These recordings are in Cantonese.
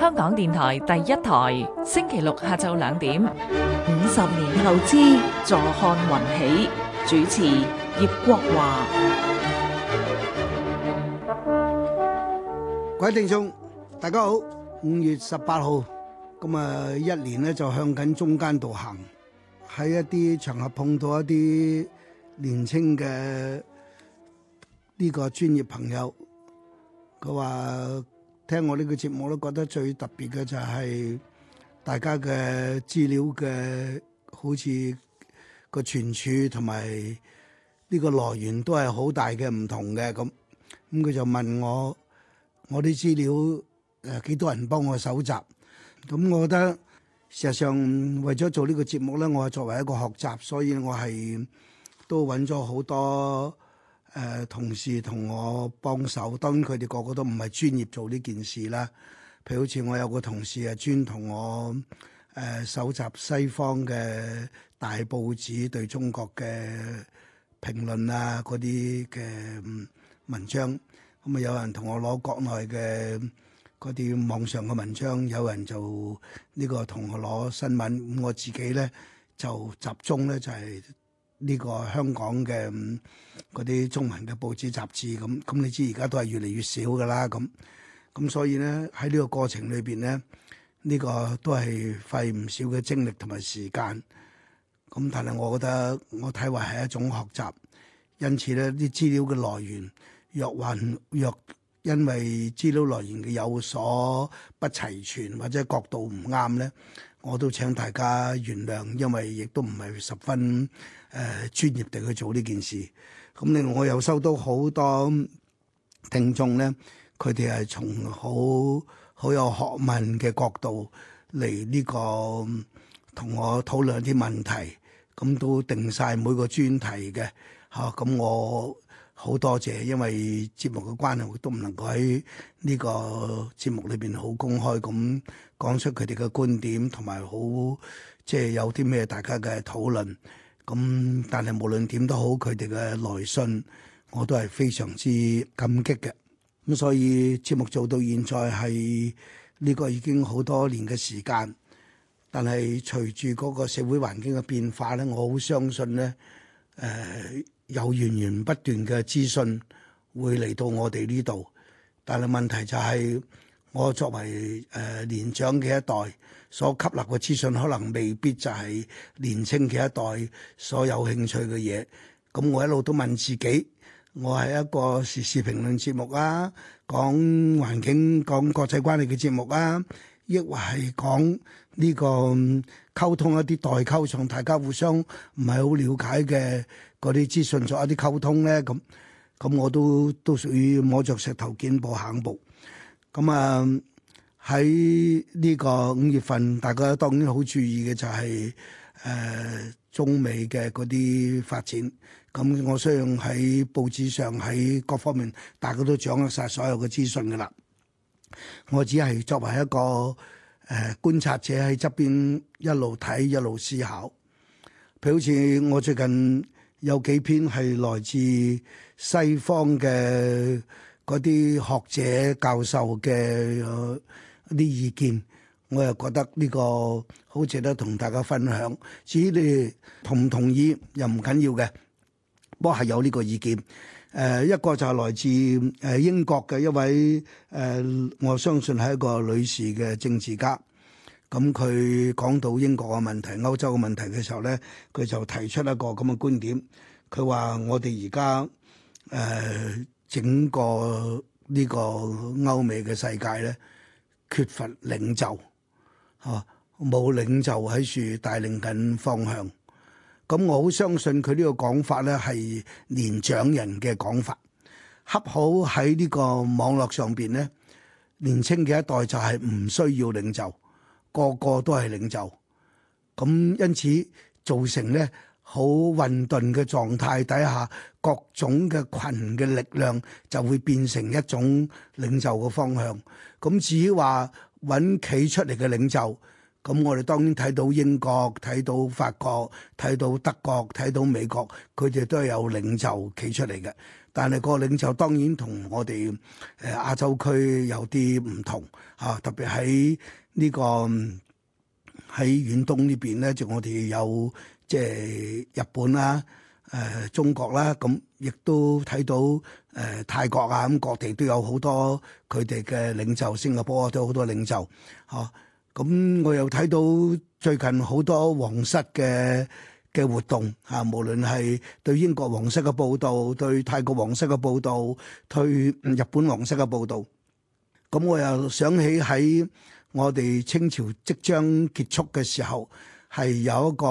香港電台第一台，星期六下晝兩點。五十年投資，坐看雲起。主持葉國華。各位聽眾，大家好。五月十八號，咁啊，一年呢就向緊中間度行。喺一啲場合碰到一啲年青嘅。呢個專業朋友，佢話聽我呢個節目咧，都覺得最特別嘅就係、是、大家嘅資料嘅，好似個存儲同埋呢個來源都係好大嘅唔同嘅咁。咁、佢、嗯、就問我，我啲資料誒幾、呃、多人幫我搜集？咁、嗯、我覺得事實上為咗做呢個節目咧，我係作為一個學習，所以我係都揾咗好多。誒、呃、同事同我幫手，當然佢哋個個都唔係專業做呢件事啦。譬如好似我有個同事係專同我誒蒐、呃、集西方嘅大報紙對中國嘅評論啊，嗰啲嘅文章。咁啊有人同我攞國內嘅嗰啲網上嘅文章，有人就呢、呢個同我攞新聞。我自己咧就集中咧就係、係。呢個香港嘅嗰啲中文嘅報紙雜誌咁，咁你知而家都係越嚟越少噶啦咁，咁所以咧喺呢個過程裏邊咧，呢個都係費唔少嘅精力同埋時間。咁但係我覺得我睇為係一種學習，因此咧啲資料嘅來源若還若因為資料來源嘅有所不齊全或者角度唔啱咧。我都請大家原諒，因為亦都唔係十分誒、呃、專業地去做呢件事。咁、嗯、咧，我又收到好多聽眾咧，佢哋係從好好有學問嘅角度嚟呢、呢個同、嗯、我討論啲問題。咁、嗯、都定晒每個專題嘅嚇，咁、啊嗯、我。好多謝，因為節目嘅關係，我都唔能夠喺呢個節目裏邊好公開咁講出佢哋嘅觀點，同埋好即係有啲咩大家嘅討論。咁但係無論點都好，佢哋嘅來信我都係非常之感激嘅。咁所以節目做到現在係呢、呢個已經好多年嘅時間，但係隨住嗰個社會環境嘅變化咧，我好相信咧，誒、呃。有源源不斷嘅資訊會嚟到我哋呢度，但係問題就係我作為誒年長嘅一代，所吸納嘅資訊可能未必就係年輕嘅一代所有興趣嘅嘢。咁我一路都問自己，我係一個時事評論節目啊，講環境、講國際關係嘅節目啊，抑或係講呢個溝通一啲代溝上，大家互相唔係好瞭解嘅。嗰啲資訊做一啲溝通咧，咁咁我都都屬於摸着石頭見步行步。咁啊喺呢個五月份，大家當然好注意嘅就係、是、誒、呃、中美嘅嗰啲發展。咁我相信喺報紙上、喺各方面，大家都掌握晒所有嘅資訊噶啦。我只係作為一個誒、呃、觀察者喺側邊一路睇一路思考。譬如好似我最近。有幾篇係來自西方嘅嗰啲學者教授嘅一啲意見，我又覺得呢個好值得同大家分享。至於你哋同唔同意又唔緊要嘅，不過係有呢個意見。誒、呃、一個就係來自誒英國嘅一位誒、呃，我相信係一個女士嘅政治家。咁佢講到英國嘅問題、歐洲嘅問題嘅時候咧，佢就提出一個咁嘅觀點。佢話：我哋而家誒整個呢個歐美嘅世界咧，缺乏領袖，啊，冇領袖喺處帶領緊方向。咁我好相信佢呢個講法咧，係年長人嘅講法，恰好喺呢個網絡上邊咧，年青嘅一代就係唔需要領袖。個個都係領袖，咁因此造成咧好混沌嘅狀態底下，各種嘅群嘅力量就會變成一種領袖嘅方向。咁至於話揾企出嚟嘅領袖，咁我哋當然睇到英國、睇到法國、睇到德國、睇到美國，佢哋都係有領袖企出嚟嘅。但係個領袖當然我、呃、亞同我哋誒亞洲區有啲唔同啊，特別喺。呢個喺遠東呢邊咧，就我哋有即係日本啦、誒中國啦，咁亦都睇到誒泰國啊，咁各地都有好多佢哋嘅領袖，新加坡都有好多領袖，嚇。咁我又睇到最近好多皇室嘅嘅活動嚇，無論係對英國皇室嘅報導、對泰國皇室嘅報導、對日本皇室嘅報導，咁我又想起喺。我哋清朝即將結束嘅時候，係有一個誒、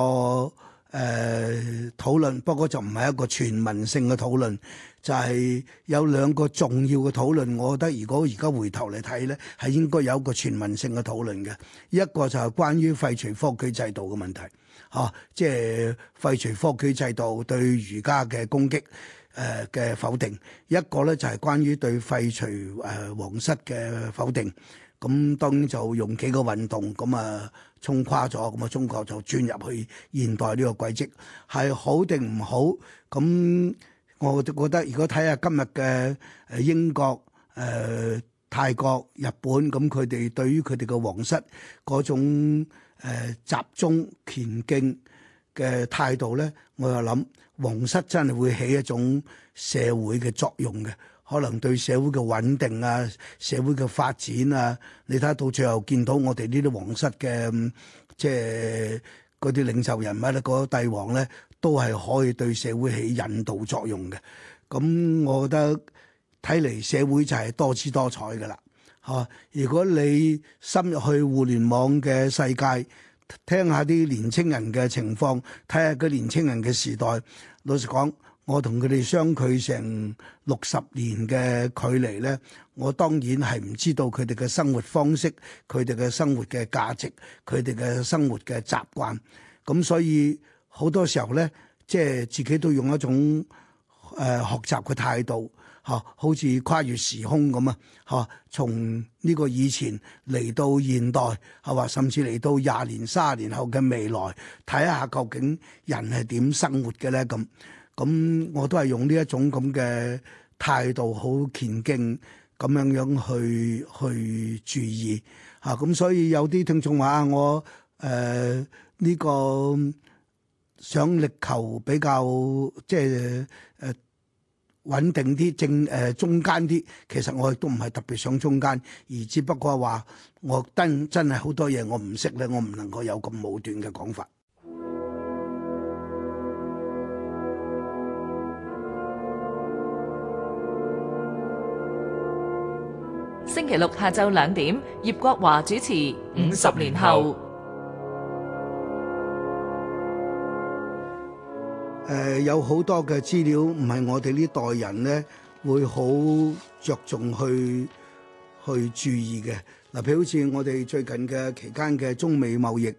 呃、討論，不過就唔係一個全民性嘅討論。就係、是、有兩個重要嘅討論，我覺得如果而家回頭嚟睇咧，係應該有一個全民性嘅討論嘅。一個就係關於廢除科舉制度嘅問題，嚇、啊，即係廢除科舉制度對儒家嘅攻擊誒嘅、呃、否定；一個咧就係、是、關於對廢除誒、呃、皇室嘅否定。咁當然就用幾個運動咁啊，衝垮咗咁啊，中國就轉入去現代呢個軌跡，係好定唔好？咁我覺得如果睇下今日嘅英國、誒、呃、泰國、日本，咁佢哋對於佢哋嘅皇室嗰種、呃、集中虔敬嘅態度咧，我又諗皇室真係會起一種社會嘅作用嘅。可能對社會嘅穩定啊、社會嘅發展啊，你睇下到、到最後見到我哋呢啲皇室嘅、嗯，即係嗰啲領袖人物咧，嗰個帝王咧，都係可以對社會起引導作用嘅。咁、嗯、我覺得睇嚟社會就係多姿多彩噶啦。嚇、啊，如果你深入去互聯網嘅世界，聽下啲年青人嘅情況，睇下個年青人嘅時代，老實講。我同佢哋相距成六十年嘅距離咧，我當然係唔知道佢哋嘅生活方式、佢哋嘅生活嘅價值、佢哋嘅生活嘅習慣。咁所以好多時候咧，即係自己都用一種誒學習嘅態度，嚇，好似跨越時空咁啊，嚇，從呢個以前嚟到現代，係話甚至嚟到廿年、卅年後嘅未來，睇一下究竟人係點生活嘅咧咁。咁我都係用呢一種咁嘅態度，好謙敬咁樣樣去去注意吓。咁、啊、所以有啲聽眾話啊，我誒呢、呃這個想力求比較即係誒穩定啲、正誒、呃、中間啲。其實我亦都唔係特別想中間，而只不過話我真真係好多嘢我唔識咧，我唔能夠有咁武斷嘅講法。星期六下晝兩點，葉國華主持《五十年後》。誒、呃，有好多嘅資料唔係我哋呢代人咧，會好着重去去注意嘅。嗱，譬如好似我哋最近嘅期間嘅中美貿易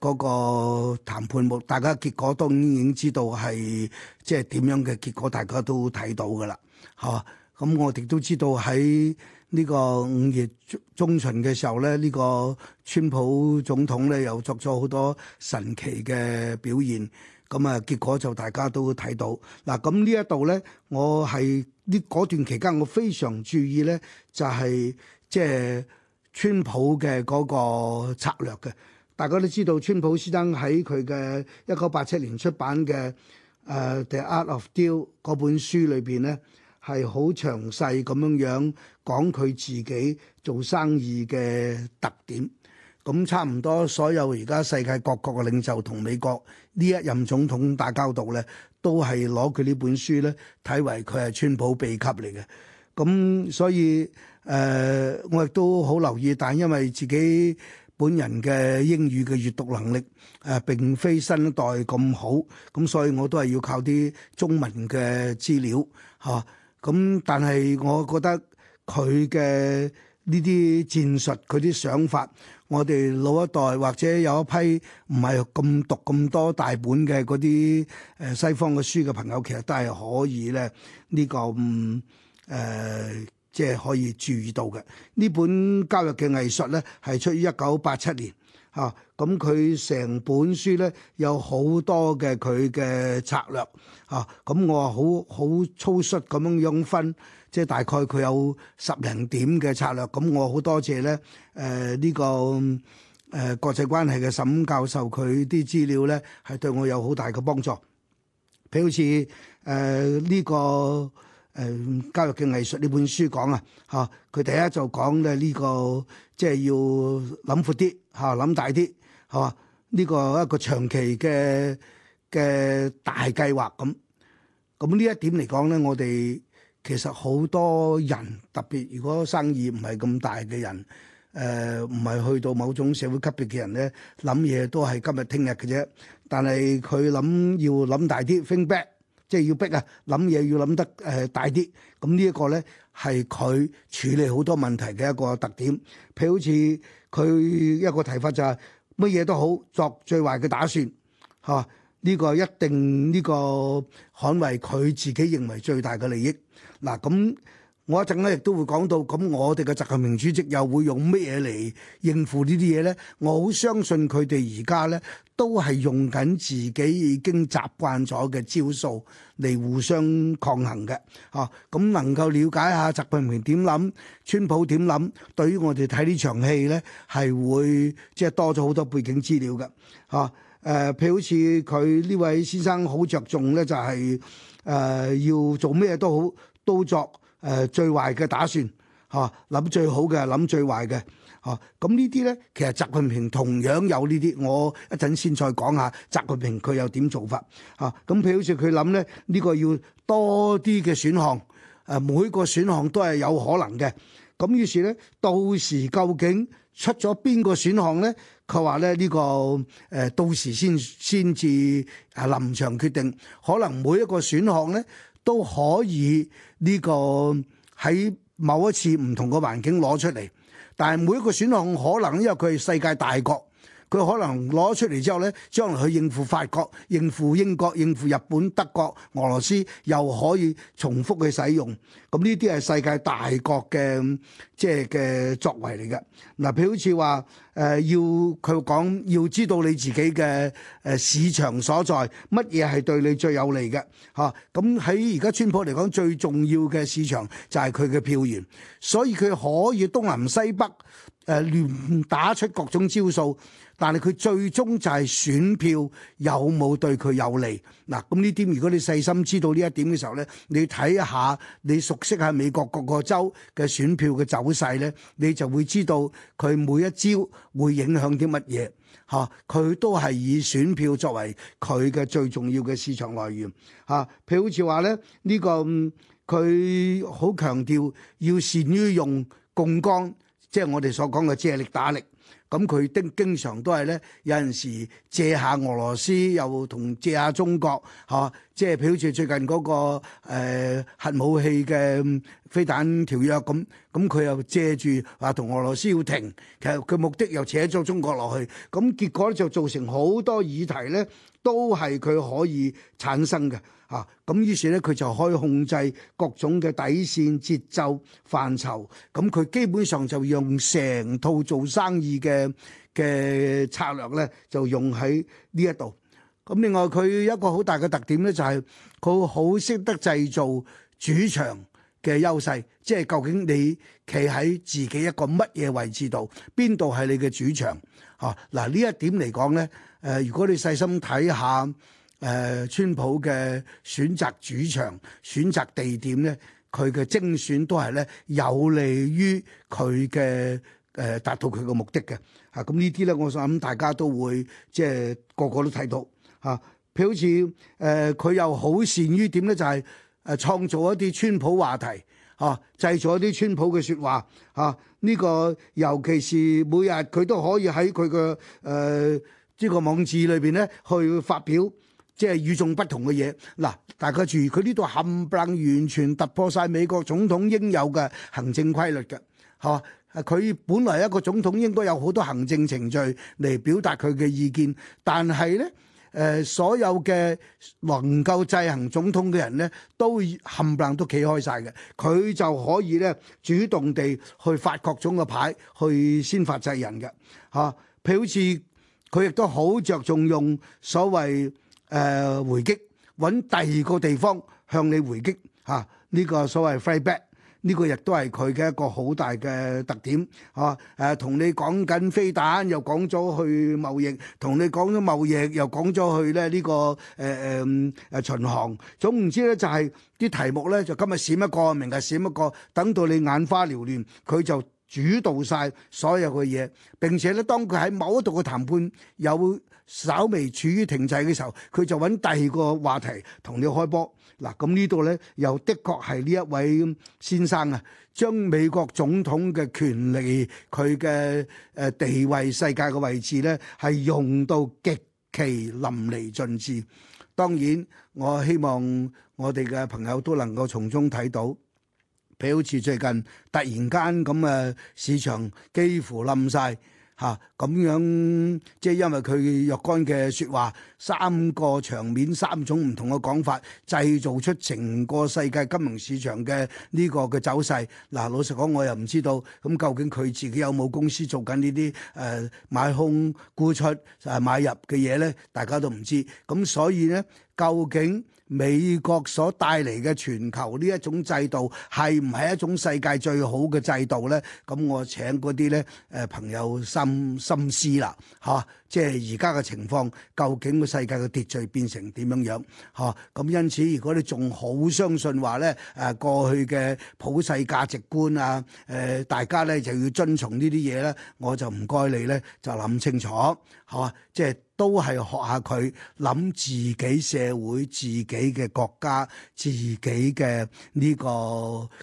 嗰個談判目，大家結果當然已經知道係即係點樣嘅結果，大家都睇到噶啦，係嘛？咁、嗯、我哋都知道喺。呢個五月中旬嘅時候咧，呢、這個川普總統咧又作咗好多神奇嘅表現，咁啊結果就大家都睇到。嗱咁呢一度咧，我係呢段期間我非常注意咧，就係即係川普嘅嗰個策略嘅。大家都知道川普先生喺佢嘅一九八七年出版嘅《誒、呃、The Art of Deal》嗰本書裏邊咧。係好詳細咁樣樣講佢自己做生意嘅特點，咁差唔多所有而家世界各國嘅領袖同美國呢一任總統打交道咧，都係攞佢呢本書咧，睇為佢係川普秘笈嚟嘅。咁所以誒、呃，我亦都好留意，但因為自己本人嘅英語嘅閱讀能力誒、呃、並非新一代咁好，咁所以我都係要靠啲中文嘅資料吓。啊咁但係我覺得佢嘅呢啲戰術，佢啲想法，我哋老一代或者有一批唔係咁讀咁多大本嘅嗰啲誒西方嘅書嘅朋友，其實都係可以咧、這、呢個誒，即、呃、係、就是、可以注意到嘅。呢本交易嘅藝術咧，係出於一九八七年。啊！咁佢成本書咧，有好多嘅佢嘅策略，啊！咁、嗯、我好好粗率咁樣樣分，即係大概佢有十零點嘅策略。咁、嗯、我好多謝咧誒呢、呃這個誒、呃、國際關係嘅沈教授，佢啲資料咧係對我有好大嘅幫助。譬如好似誒呢個。誒，交易嘅藝術呢本書講啊，嚇佢第一就講咧呢個即係要諗闊啲嚇，諗大啲，係嘛？呢個一個長期嘅嘅大計劃咁。咁呢一點嚟講咧，我哋其實好多人特別，如果生意唔係咁大嘅人，誒唔係去到某種社會級別嘅人咧，諗嘢都係今日聽日嘅啫。但係佢諗要諗大啲，think back。即係要逼啊！諗嘢要諗得誒大啲，咁、嗯這個、呢一個咧係佢處理好多問題嘅一個特點。譬如好似佢一個提法就係乜嘢都好，作最壞嘅打算嚇。呢、啊這個一定呢、這個捍衞佢自己認為最大嘅利益。嗱、啊、咁。嗯我一陣咧亦都會講到，咁我哋嘅習近平主席又會用咩嘢嚟應付呢啲嘢呢？我好相信佢哋而家呢都係用緊自己已經習慣咗嘅招數嚟互相抗衡嘅，嚇、嗯、咁、嗯、能夠了解下習近平點諗，川普點諗，對於我哋睇呢場戲呢係會即係、就係、多咗好多背景資料嘅，嚇誒譬如好似佢呢位先生好着重呢、就係，就係誒要做咩都好都作。誒最壞嘅打算嚇，諗最好嘅，諗最壞嘅嚇。咁呢啲咧，其實習近平同樣有呢啲。我一陣先再講下習近平佢有點做法嚇。咁譬如好似佢諗咧，呢個要多啲嘅選項，誒每個選項都係有可能嘅。咁於是咧，到時究竟出咗邊個選項咧？佢話咧呢個誒到時先先至啊臨場決定，可能每一個選項咧。都可以呢個喺某一次唔同個環境攞出嚟，但係每一個選項可能因為佢係世界大國，佢可能攞出嚟之後呢，將來去應付法國、應付英國、應付日本、德國、俄羅斯，又可以重複去使用。咁呢啲係世界大國嘅。即係嘅作為嚟嘅嗱，譬如好似話誒，要佢講要知道你自己嘅誒、呃、市場所在，乜嘢係對你最有利嘅嚇。咁喺而家川普嚟講，最重要嘅市場就係佢嘅票源，所以佢可以東南西北誒、呃、亂打出各種招數，但係佢最終就係選票有冇對佢有利。嗱，咁呢啲如果你細心知道呢一點嘅時候咧，你睇一下，你熟悉下美國各個州嘅選票嘅走勢咧，你就會知道佢每一招會影響啲乜嘢吓，佢、啊、都係以選票作為佢嘅最重要嘅市場來源吓，譬、啊、如好似話咧，呢、這個佢好、嗯、強調要善於用槓桿，即、就、係、是、我哋所講嘅借力打力。咁佢都經常都係咧，有陣時借下俄羅斯，又同借下中國，嚇、啊，即係譬如最近嗰個、呃、核武器嘅飛彈條約咁，咁佢又借住話同俄羅斯要停，其實佢目的又扯咗中國落去，咁結果咧就造成好多議題咧，都係佢可以產生嘅。啊，咁於是咧，佢就可以控制各種嘅底線、節奏、範疇，咁、啊、佢基本上就用成套做生意嘅嘅策略咧，就用喺呢一度。咁、啊、另外佢一個好大嘅特點咧，就係佢好識得製造主場嘅優勢，即係究竟你企喺自己一個乜嘢位置度，邊度係你嘅主場？啊，嗱、啊、呢一點嚟講咧，誒、呃，如果你細心睇下。誒、呃、川普嘅選擇主場、選擇地點咧，佢嘅精選都係咧有利於佢嘅誒達到佢嘅目的嘅。啊，咁呢啲咧，我想大家都會即係個個都睇到。啊，譬如好似誒佢又好善於點咧，就係、是、誒創造一啲川普話題，嚇、啊、製造一啲川普嘅説話，嚇、啊、呢、這個尤其是每日佢都可以喺佢嘅誒呢個網址裏邊咧去發表。即係與眾不同嘅嘢，嗱，大家注意，佢呢度冚唪唥完全突破晒美國總統應有嘅行政規律嘅，係、啊、佢本來一個總統應該有好多行政程序嚟表達佢嘅意見，但係呢，誒、呃、所有嘅能夠制衡總統嘅人呢，都冚唪唥都企開晒嘅，佢就可以咧主動地去發各種嘅牌，去先發制人嘅，嚇、啊。譬如好似佢亦都好着重用所謂。誒、呃、回擊，揾第二個地方向你回擊嚇，呢、啊這個所謂 fight back，呢個亦都係佢嘅一個好大嘅特點嚇。誒、啊、同、啊、你講緊飛彈，又講咗去貿易，同你講咗貿易，又講咗去咧呢、這個誒誒誒巡航。總唔知呢，就係、是、啲題目呢，就今日閃一個，明日閃一個，等到你眼花撩亂，佢就主導晒所有嘅嘢。並且咧，當佢喺某一度嘅談判有稍微處於停滯嘅時候，佢就搵第二個話題同你開波。嗱，咁呢度咧又的確係呢一位先生啊，將美國總統嘅權力、佢嘅誒地位、世界嘅位置咧，係用到極其淋漓盡致。當然，我希望我哋嘅朋友都能夠從中睇到，譬如好似最近突然間咁誒，市場幾乎冧晒。吓咁、啊、樣，即係因為佢若干嘅說話，三個場面，三種唔同嘅講法，製造出成個世界金融市場嘅呢個嘅走勢。嗱、啊，老實講，我又唔知道，咁究竟佢自己有冇公司做緊呢啲誒買空沽出誒、啊、買入嘅嘢咧？大家都唔知，咁所以咧。究竟美國所帶嚟嘅全球呢一種制度係唔係一種世界最好嘅制度咧？咁我請嗰啲咧誒朋友深深思啦，嚇！即係而家嘅情況，究竟個世界嘅秩序變成點樣樣？嚇！咁因此，如果你仲好相信話咧誒過去嘅普世價值觀啊誒、呃，大家咧就要遵從呢啲嘢咧，我就唔該你咧就諗清楚嚇！即係。都係學下佢諗自己社會、自己嘅國家、自己嘅呢個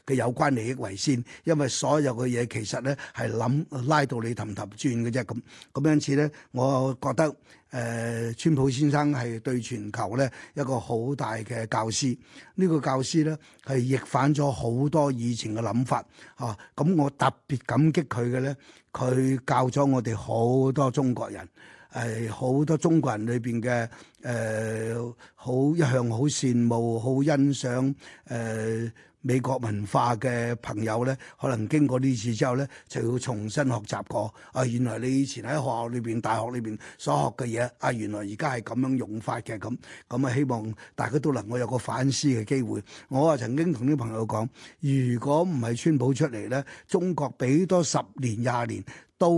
嘅有關利益為先，因為所有嘅嘢其實咧係諗拉到你氹氹轉嘅啫。咁咁因此咧，我覺得誒川普先生係對全球咧一個好大嘅教師。呢個教師咧係逆反咗好多以前嘅諗法啊！咁我特別感激佢嘅咧，佢教咗我哋好多中國人。係好多中國人裏邊嘅誒，好、呃、一向好羨慕、好欣賞誒、呃、美國文化嘅朋友咧，可能經過呢次之後咧，就要重新學習過。啊，原來你以前喺學校裏邊、大學裏邊所學嘅嘢，啊，原來而家係咁樣用法嘅咁。咁啊，希望大家都能夠有個反思嘅機會。我啊曾經同啲朋友講，如果唔係川普出嚟咧，中國俾多十年廿年。都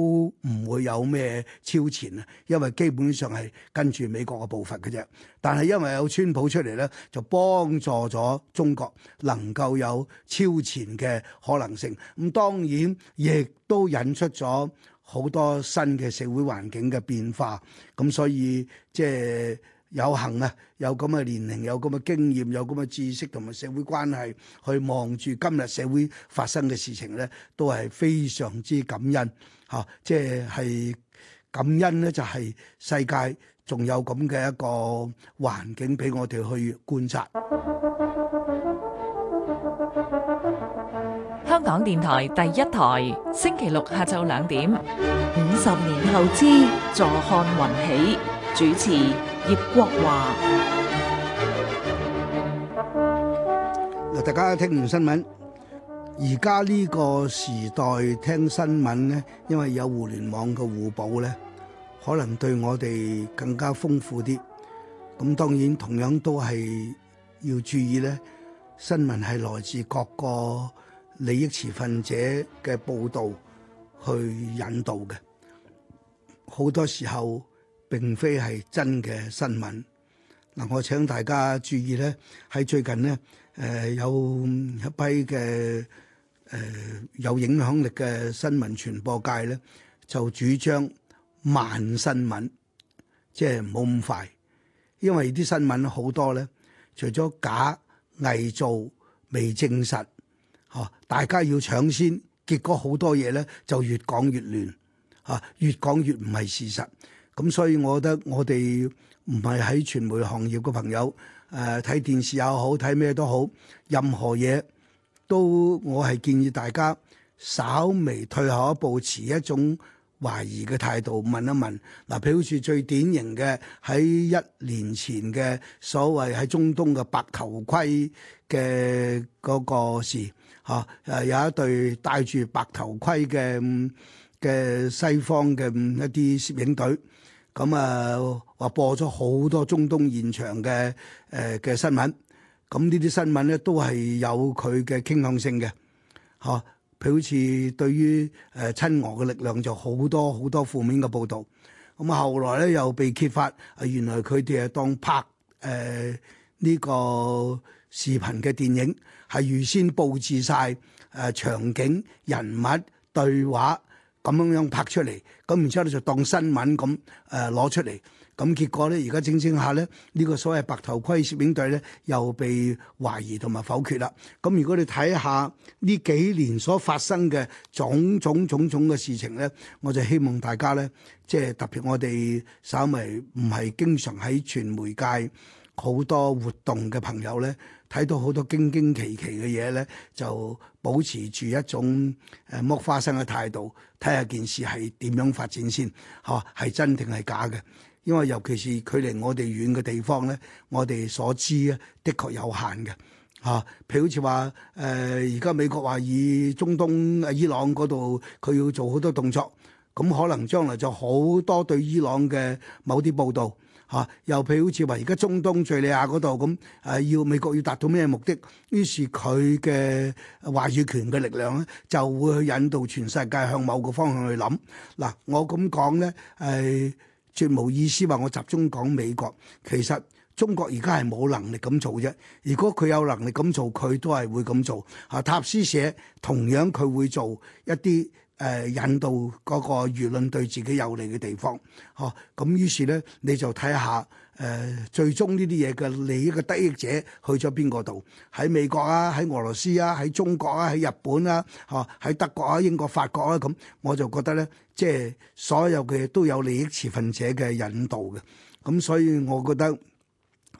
唔會有咩超前啊，因為基本上係跟住美國嘅步伐嘅啫。但係因為有川普出嚟咧，就幫助咗中國能夠有超前嘅可能性。咁當然亦都引出咗好多新嘅社會環境嘅變化。咁所以即係有幸啊，有咁嘅年齡，有咁嘅經驗，有咁嘅知識同埋社會關係，去望住今日社會發生嘅事情咧，都係非常之感恩。嚇、啊！即係感恩呢就係世界仲有咁嘅一個環境俾我哋去觀察。香港電台第一台，星期六下晝兩點。五十年後之坐看雲起，主持葉國華。嗱，大家聽完新聞。而家呢個時代聽新聞呢，因為有互聯網嘅互補呢，可能對我哋更加豐富啲。咁當然同樣都係要注意呢，新聞係來自各個利益持份者嘅報導去引導嘅，好多時候並非係真嘅新聞。嗱，我請大家注意呢，喺最近呢，誒、呃、有一批嘅，誒、呃、有影響力嘅新聞傳播界咧，就主張慢新聞，即係唔好咁快，因為啲新聞好多咧，除咗假、偽造、未證實，嚇、啊、大家要搶先，結果好多嘢咧就越講越亂，嚇、啊、越講越唔係事實。咁、啊、所以，我覺得我哋唔係喺傳媒行業嘅朋友，誒、啊、睇電視又好，睇咩都好，任何嘢。都我係建議大家稍微退後一步，持一種懷疑嘅態度問一問嗱，譬如住最典型嘅喺一年前嘅所謂喺中東嘅白頭盔嘅嗰個事，吓、啊、誒有一隊戴住白頭盔嘅嘅西方嘅一啲攝影隊咁啊話播咗好多中東現場嘅誒嘅新聞。咁呢啲新聞咧都係有佢嘅傾向性嘅，嚇、啊。譬如好似對於誒親俄嘅力量就好多好多負面嘅報導。咁、啊、後來咧又被揭發，啊、原來佢哋係當拍誒呢、呃呢個視頻嘅電影，係預先佈置晒誒、啊、場景、人物、對話咁樣樣拍出嚟，咁、啊、然之後咧就當新聞咁誒攞出嚟。咁結果咧，而家澄清下咧，呢、這個所謂白頭盔攝影隊咧，又被懷疑同埋否決啦。咁如果你睇下呢幾年所發生嘅種種種種嘅事情咧，我就希望大家咧，即係特別我哋稍微唔係經常喺傳媒界好多活動嘅朋友咧，睇到好多驚驚奇奇嘅嘢咧，就保持住一種誒剝花生嘅態度，睇下件事係點樣發展先，吓，係真定係假嘅。因為尤其是距離我哋遠嘅地方咧，我哋所知咧，的確有限嘅㗎、啊。譬如好似話誒，而、呃、家美國話以中東伊朗嗰度，佢要做好多動作，咁可能將來就好多對伊朗嘅某啲報道嚇。又、啊、譬如好似話，而家中東敍利亞嗰度咁，誒、嗯、要、啊、美國要達到咩目的，於是佢嘅話語權嘅力量咧，就會去引導全世界向某個方向去諗。嗱、啊，我咁講咧，係、哎。絕無意思話我集中講美國，其實中國而家係冇能力咁做啫。如果佢有能力咁做，佢都係會咁做。啊，塔斯社同樣佢會做一啲誒、呃、引導嗰個輿論對自己有利嘅地方。呵，咁於是咧，你就睇下。誒、呃、最終呢啲嘢嘅利益嘅得益者去咗邊個度？喺美國啊，喺俄羅斯啊，喺中國啊，喺日本啊，嚇、哦、喺德國啊、英國、法國啊咁，我就覺得咧，即係所有嘅都有利益持份者嘅引導嘅。咁、嗯、所以，我覺得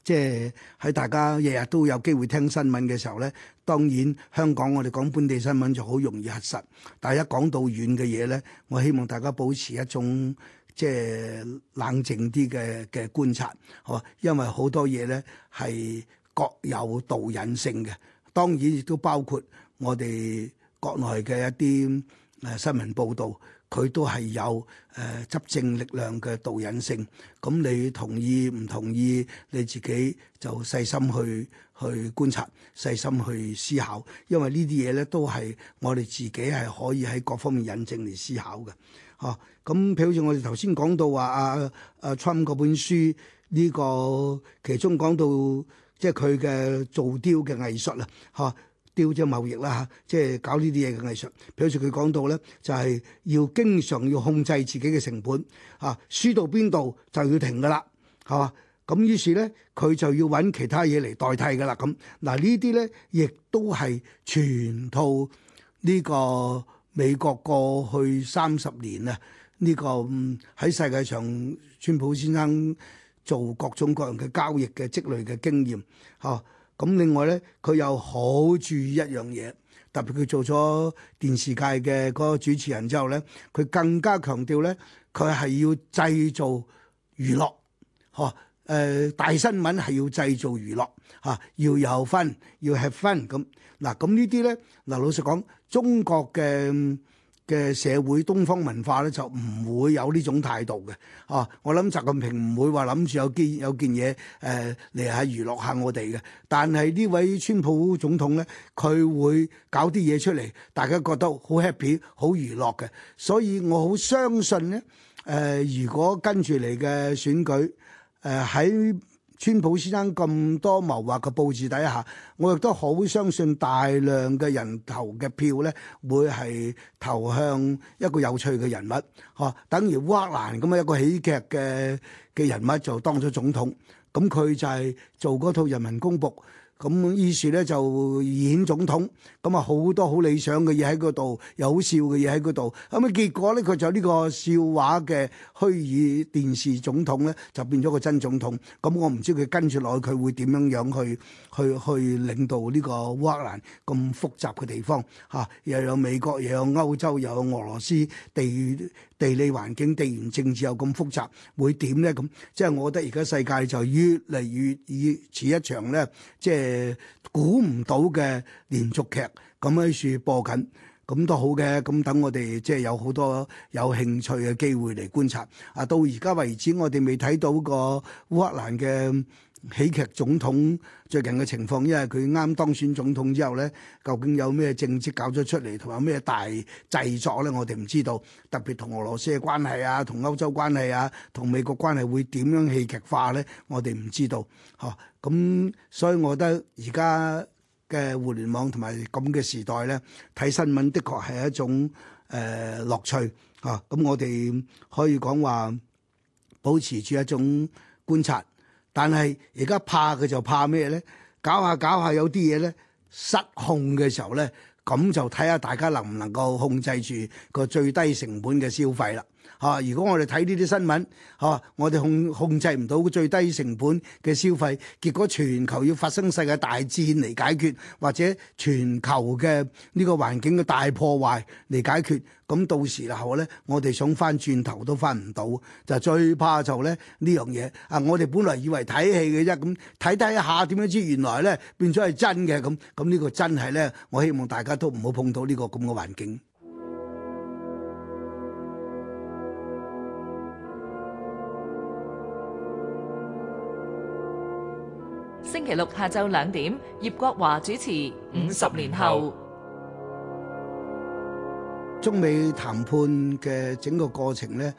即係喺大家日日都有機會聽新聞嘅時候咧，當然香港我哋講本地新聞就好容易核實，但係一講到遠嘅嘢咧，我希望大家保持一種，即係冷靜啲嘅嘅觀察，嚇，因為好多嘢咧係各有導引性嘅。當然亦都包括我哋國內嘅一啲誒新聞報導，佢都係有誒執政力量嘅導引性。咁你同意唔同意？你自己就細心去去觀察，細心去思考，因為呢啲嘢咧都係我哋自己係可以喺各方面引證嚟思考嘅。哦，咁譬、嗯、如好似我哋頭先講到話阿阿 Trump 嗰本書呢、這個，其中講到即係佢嘅造雕嘅藝術啦，嚇、啊、雕即係貿易啦即係、啊就是、搞呢啲嘢嘅藝術。譬如佢講到咧，就係、是、要經常要控制自己嘅成本，嚇、啊、輸到邊度就要停噶啦，係嘛？咁、嗯、於是咧，佢就要揾其他嘢嚟代替噶啦咁。嗱、啊、呢啲咧，亦都係全套呢、這個。美國過去三十年啊，呢、這個喺、嗯、世界上，川普先生做各種各樣嘅交易嘅積累嘅經驗，嚇咁、嗯、另外咧，佢又好注意一樣嘢，特別佢做咗電視界嘅嗰個主持人之後咧，佢更加強調咧，佢係要製造娛樂，嚇。誒、呃、大新聞係要製造娛樂嚇、啊，要有 fun，要 have fun，咁嗱。咁呢啲咧嗱，老實講，中國嘅嘅、嗯、社會、東方文化咧就唔會有呢種態度嘅。哦、啊，我諗習近平唔會話諗住有件有件嘢誒嚟係娛樂下我哋嘅。但係呢位川普總統咧，佢會搞啲嘢出嚟，大家覺得好 happy、好娛樂嘅。所以我好相信咧，誒、呃、如果跟住嚟嘅選舉。誒喺川普先生咁多謀劃嘅布置底下，我亦都好相信大量嘅人投嘅票咧，會係投向一個有趣嘅人物，嚇、啊！等於烏克蘭咁嘅一個喜劇嘅嘅人物就當咗總統，咁佢就係做嗰套人民公僕。咁於是咧就演總統，咁啊好多好理想嘅嘢喺嗰度，有好笑嘅嘢喺嗰度，咁啊結果咧佢就呢個笑話嘅虛擬電視總統咧就變咗個真總統，咁、嗯、我唔知佢跟住落去佢會點樣樣去去去領導呢個烏克蘭咁複雜嘅地方，嚇、啊、又有美國又有歐洲又有俄羅斯地。地理環境、地緣政治又咁複雜，會點咧？咁即係我覺得而家世界就越嚟越以似一場咧，即係估唔到嘅連續劇咁喺處播緊，咁都好嘅。咁等我哋即係有好多有興趣嘅機會嚟觀察。啊，到而家為止，我哋未睇到個烏克蘭嘅喜劇總統最近嘅情況，因為佢啱當選總統之後咧，究竟有咩政績搞咗出嚟，同埋有咩大製作咧，我哋唔知道。特別同俄羅斯嘅關係啊，同歐洲關係啊，同美國關係會點樣戲劇化咧？我哋唔知道。嚇，咁所以我覺得而家嘅互聯網同埋咁嘅時代咧，睇新聞的確係一種誒樂趣。嚇，咁我哋可以講話保持住一種觀察。但係而家怕佢就怕咩咧？搞下搞下有啲嘢咧失控嘅時候咧，咁就睇下大家能唔能夠控制住個最低成本嘅消費啦。嚇、啊！如果我哋睇呢啲新聞，嚇、啊、我哋控控制唔到最低成本嘅消費，結果全球要發生世界大戰嚟解決，或者全球嘅呢個環境嘅大破壞嚟解決，咁到時候呢，我哋想翻轉頭都翻唔到，就最怕就呢呢樣嘢、這個。啊！我哋本來以為睇戲嘅啫，咁睇睇一下點樣知原來呢變咗係真嘅咁，咁呢個真係呢，我希望大家都唔好碰到呢個咁嘅環境。星期六下晝兩點，葉國華主持《五十年後》。中美談判嘅整個過程呢。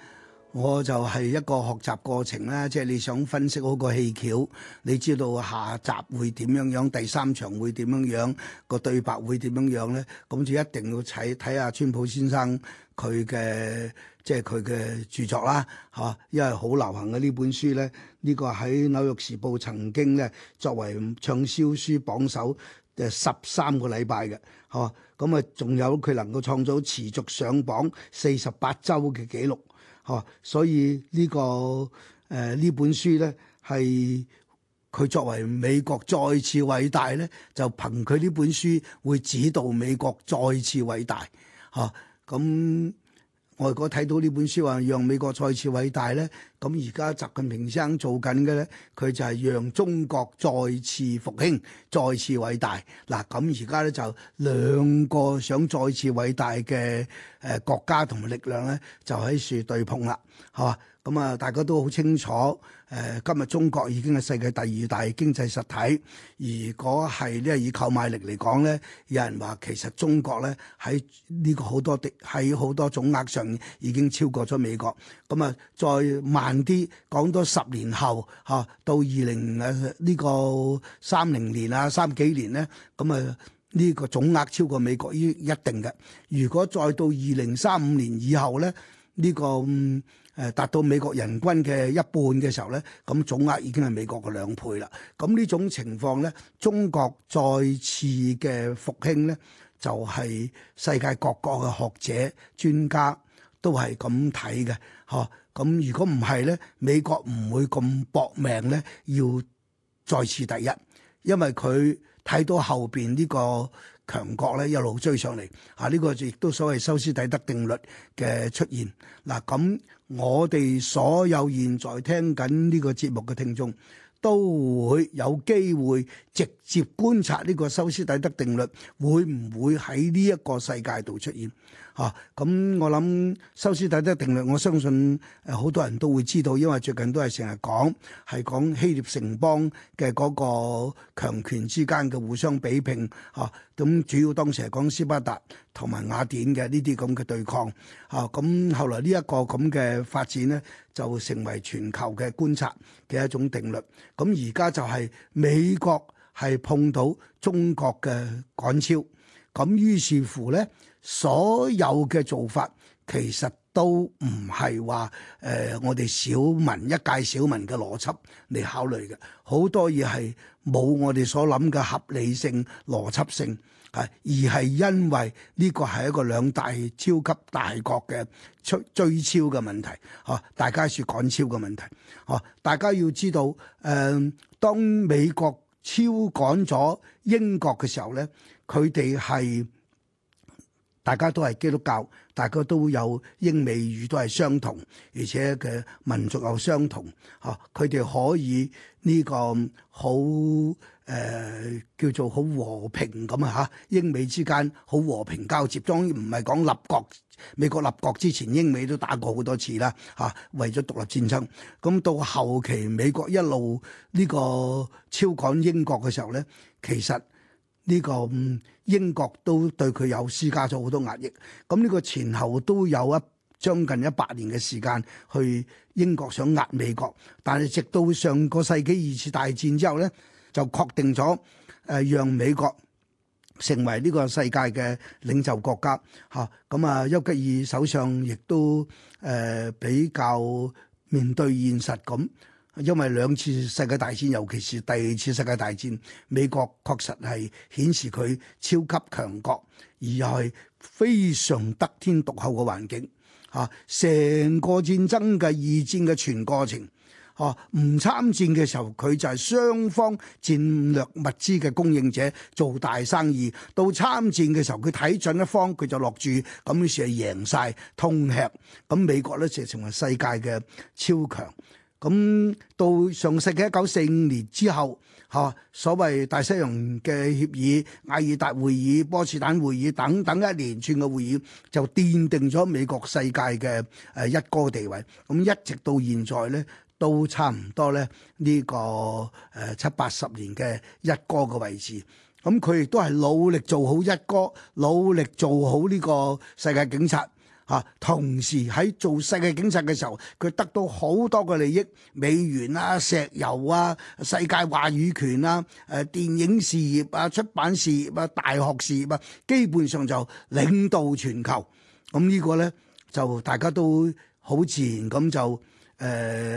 我就係一個學習過程啦，即係你想分析嗰個戲橋，你知道下集會點樣樣，第三場會點樣樣，個對白會點樣樣咧，咁就一定要睇睇下川普先生佢嘅即係佢嘅著作啦，嚇，因為好流行嘅呢本書咧，呢個喺紐約時報曾經咧作為暢銷書榜首嘅十三個禮拜嘅，嚇，咁啊仲有佢能夠創造持續上榜四十八週嘅記錄。嚇、啊，所以呢、呢個誒呢、呃、本書咧，係佢作為美國再次偉大咧，就憑佢呢本書會指導美國再次偉大嚇，咁、啊。外國睇到呢本書話讓美國再次偉大咧，咁而家習近平生做緊嘅咧，佢就係讓中國再次復興、再次偉大。嗱，咁而家咧就兩個想再次偉大嘅誒國家同力量咧，就喺度對碰啦，係嘛？咁啊！大家都好清楚，誒、呃，今日中國已經係世界第二大經濟實體。如果係咧以購買力嚟講咧，有人話其實中國咧喺呢個好多的喺好多總額上已經超過咗美國。咁、嗯、啊，再慢啲講多十年後嚇、啊，到二零誒呢個三零年啊，三幾年咧，咁、嗯、啊呢、呢個總額超過美國一一定嘅。如果再到二零三五年以後咧，呢、呢個、嗯誒達到美國人均嘅一半嘅時候咧，咁總額已經係美國嘅兩倍啦。咁呢種情況咧，中國再次嘅復興咧，就係、是、世界各國嘅學者專家都係咁睇嘅，嚇、啊。咁如果唔係咧，美國唔會咁搏命咧，要再次第一，因為佢睇到後邊呢個強國咧一路追上嚟，啊呢、這個亦都所謂修斯底德定律嘅出現嗱咁。啊。我哋所有現在聽緊呢個節目嘅聽眾，都會有機會直接觀察呢個修斯底德定律會唔會喺呢一個世界度出現。嚇！咁、啊、我諗修昔底德定律，我相信誒好多人都會知道，因為最近都係成日講係講希臘城邦嘅嗰個強權之間嘅互相比拼嚇。咁、啊、主要當時係講斯巴達同埋雅典嘅呢啲咁嘅對抗嚇。咁、啊、後來呢一個咁嘅發展呢，就成為全球嘅觀察嘅一種定律。咁而家就係美國係碰到中國嘅趕超，咁、啊、於是乎咧。所有嘅做法其實都唔係話誒，我哋小民一介小民嘅邏輯嚟考慮嘅，好多嘢係冇我哋所諗嘅合理性、邏輯性，係、啊、而係因為呢個係一個兩大超級大國嘅追追超嘅問題，嚇、啊、大家說趕超嘅問題，嚇、啊、大家要知道，誒、呃、當美國超趕咗英國嘅時候咧，佢哋係。大家都係基督教，大家都有英美語都係相同，而且嘅民族又相同，嚇，佢哋可以呢個好誒、呃、叫做好和平咁啊嚇！英美之間好和平交接，當然唔係講立國，美國立國之前英美都打過好多次啦，嚇、啊、為咗獨立戰爭。咁、啊、到後期美國一路呢個超趕英國嘅時候咧，其實。呢個英國都對佢有施加咗好多壓抑，咁呢個前後都有一將近一百年嘅時間，去英國想壓美國，但係直到上個世紀二次大戰之後咧，就確定咗誒、呃、讓美國成為呢個世界嘅領袖國家嚇，咁啊丘吉爾首相亦都誒、呃、比較面對現實咁。因為兩次世界大戰，尤其是第二次世界大戰，美國確實係顯示佢超級強國，而又係非常得天獨厚嘅環境。嚇、啊，成個戰爭嘅二戰嘅全過程，嚇，唔參戰嘅時候，佢就係雙方戰略物資嘅供應者，做大生意；到參戰嘅時候，佢睇準一方，佢就落注，咁於是係贏晒，通吃。咁、啊、美國咧就成為世界嘅超強。咁到上世紀一九四五年之後，嚇、啊、所謂大西洋嘅協議、艾爾達會議、波茨坦會議等等一連串嘅會議，就奠定咗美國世界嘅誒一哥地位。咁、嗯、一直到現在咧，都差唔多咧呢、呢個誒、呃、七八十年嘅一哥嘅位置。咁佢亦都係努力做好一哥，努力做好呢個世界警察。啊！同時喺做世界警察嘅時候，佢得到好多嘅利益，美元啊、石油啊、世界話語權啊、誒電影事業啊、出版事業啊、大學事業啊，基本上就領導全球。咁呢個咧就大家都好自然咁就誒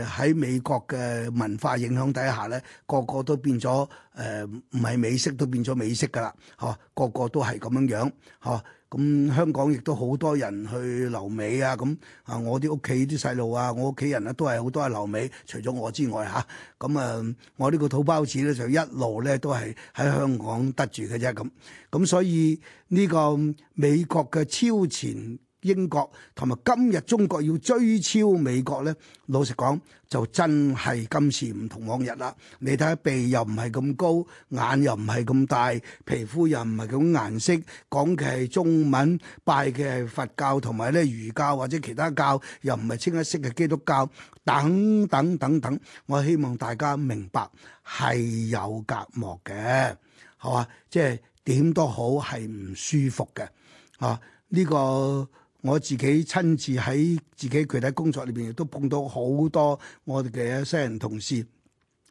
喺、呃、美國嘅文化影響底下咧，個個都變咗誒唔係美式都變咗美式㗎喇，哦個個都係咁樣樣，哦。咁、嗯、香港亦都好多人去留美啊！咁、嗯、啊，我啲屋企啲細路啊，我屋企人啊，都係好多係留美，除咗我之外吓，咁啊，嗯、我呢個土包子咧就一路咧都係喺香港得住嘅啫咁。咁、嗯嗯、所以呢個美國嘅超前。英國同埋今日中國要追超美國咧，老實講就真係今次唔同往日啦。你睇下鼻又唔係咁高，眼又唔係咁大，皮膚又唔係咁顏色，講嘅係中文，拜嘅係佛教同埋咧儒教或者其他教，又唔係清一色嘅基督教，等等等等。我希望大家明白係有隔膜嘅，係嘛？即係點都好係唔舒服嘅啊！呢個我自己親自喺自己具體工作裏邊，亦都碰到好多我哋嘅一些人同事，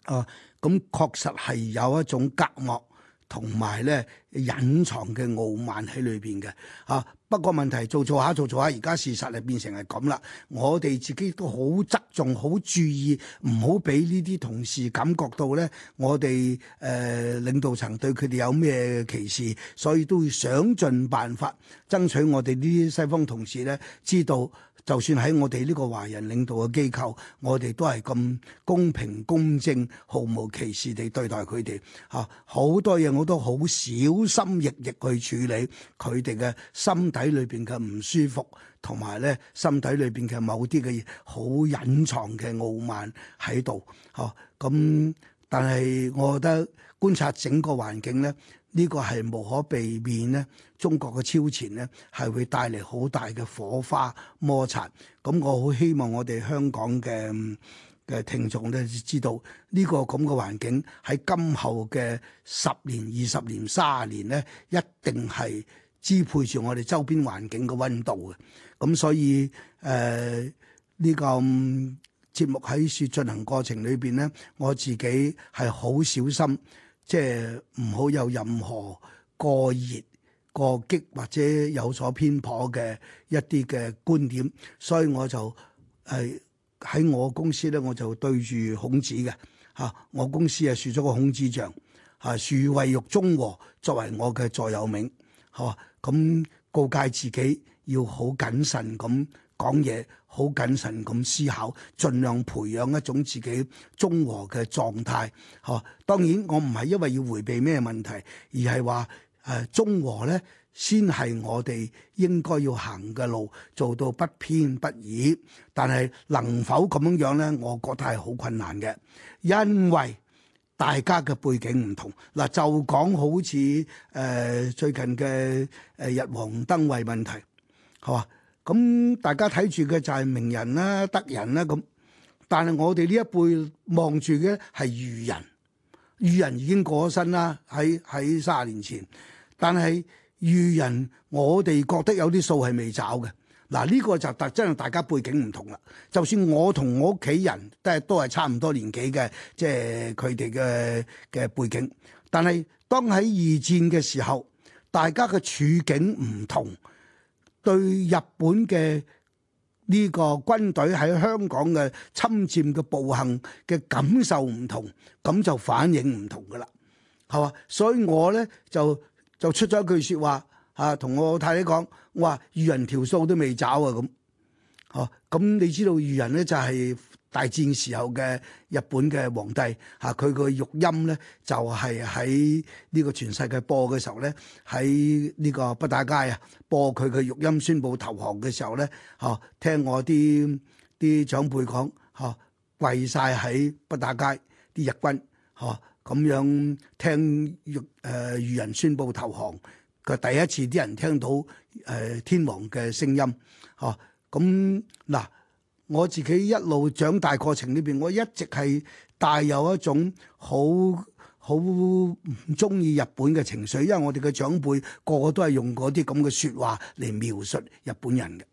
啊，咁確實係有一種隔膜同埋咧隱藏嘅傲慢喺裏邊嘅，啊。不過問題，做錯下做錯下，而家事實係變成係咁啦。我哋自己都好側重、好注意，唔好俾呢啲同事感覺到咧，我哋誒、呃、領導層對佢哋有咩歧視，所以都要想盡辦法爭取我哋呢啲西方同事咧，知道就算喺我哋呢個華人領導嘅機構，我哋都係咁公平公正、毫無歧視地對待佢哋。吓、啊、好多嘢我都好小心翼翼去處理佢哋嘅心態，喺裏邊嘅唔舒服，同埋咧心底裏邊嘅某啲嘅好隱藏嘅傲慢喺度，嗬，咁、嗯、但係我覺得觀察整個環境咧，呢、這個係無可避免咧，中國嘅超前咧係會帶嚟好大嘅火花摩擦。咁、嗯、我好希望我哋香港嘅嘅聽眾都知道呢、這個咁嘅環境喺今後嘅十年、二十年、卅年咧，一定係。支配住我哋周邊環境嘅温度嘅，咁所以誒呢、呃這個節目喺說進行過程裏邊咧，我自己係好小心，即係唔好有任何過熱過激或者有所偏頗嘅一啲嘅觀點，所以我就誒喺、呃、我公司咧，我就對住孔子嘅，吓、啊，我公司啊樹咗個孔子像啊樹位育中和作為我嘅座右銘。哦，咁告誡自己要好謹慎咁講嘢，好謹慎咁思考，盡量培養一種自己中和嘅狀態。哦，當然我唔係因為要回避咩問題，而係話誒中和咧，先係我哋應該要行嘅路，做到不偏不倚。但係能否咁樣樣咧，我覺得係好困難嘅，因為。大家嘅背景唔同，嗱就講好似誒、呃、最近嘅誒日王皇登位問題，係嘛？咁大家睇住嘅就係名人啦、啊、得人啦、啊、咁，但係我哋呢一輩望住嘅係愚人，愚人已經過咗身啦，喺喺卅年前，但係愚人我哋覺得有啲數係未找嘅。嗱，呢個就特真係大家背景唔同啦。就算我同我屋企人都係都係差唔多年紀嘅，即係佢哋嘅嘅背景，但係當喺二戰嘅時候，大家嘅處境唔同，對日本嘅呢個軍隊喺香港嘅侵佔嘅暴行嘅感受唔同，咁就反應唔同噶啦，係嘛？所以我咧就就出咗一句說話。啊，同我太太講，我話裕仁條數都未找啊，咁，嚇咁你知道裕仁呢，就係大戰時候嘅日本嘅皇帝嚇，佢個玉音呢，就係喺呢個全世界播嘅時候呢，喺呢個北大街啊，播佢嘅玉音宣佈投降嘅時候呢。嚇聽我啲啲長輩講嚇，跪晒喺北大街啲日軍嚇，咁樣聽裕誒裕仁宣佈投降。佢第一次啲人聽到誒、呃、天皇嘅聲音，嚇咁嗱，我自己一路長大過程裏邊，我一直係帶有一種好好唔中意日本嘅情緒，因為我哋嘅長輩個，個個都係用啲咁嘅說話嚟描述日本人嘅。